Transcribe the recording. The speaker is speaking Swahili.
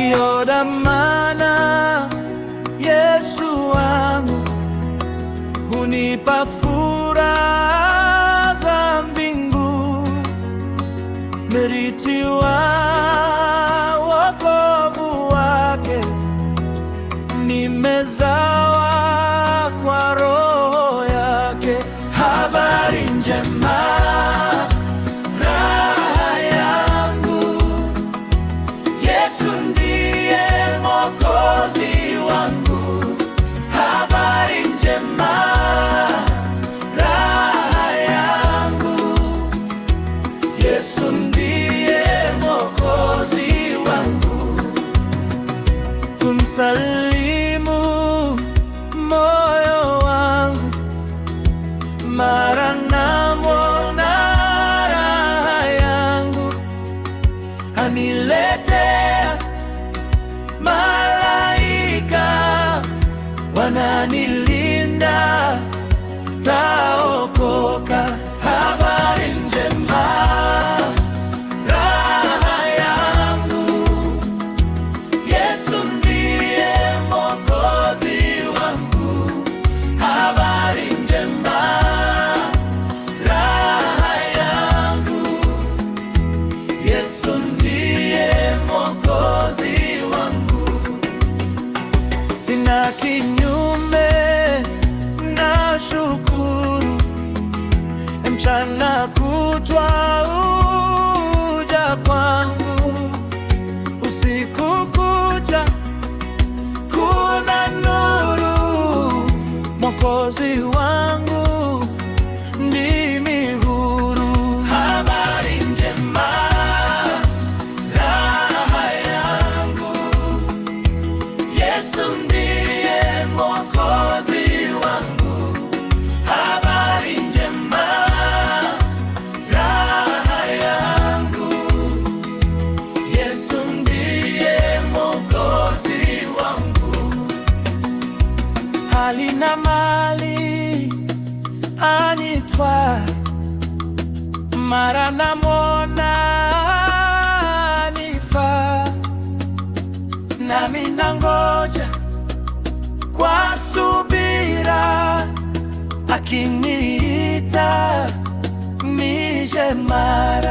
ndiyo damana, Yesu wangu hunipa furaha za mbingu, meriti wa wokovu wake, nimezawa kwa roho yake. Habari njema kusalimu moyo wangu, mara namwona raha yangu, aniletea malaika wananilinda, taokoka. twauja kwangu usiku kucha, kuna nuru Mwokozi mbali anitwa, mara namwona anifaa, nami nangoja kwa subira, akiniita nije mara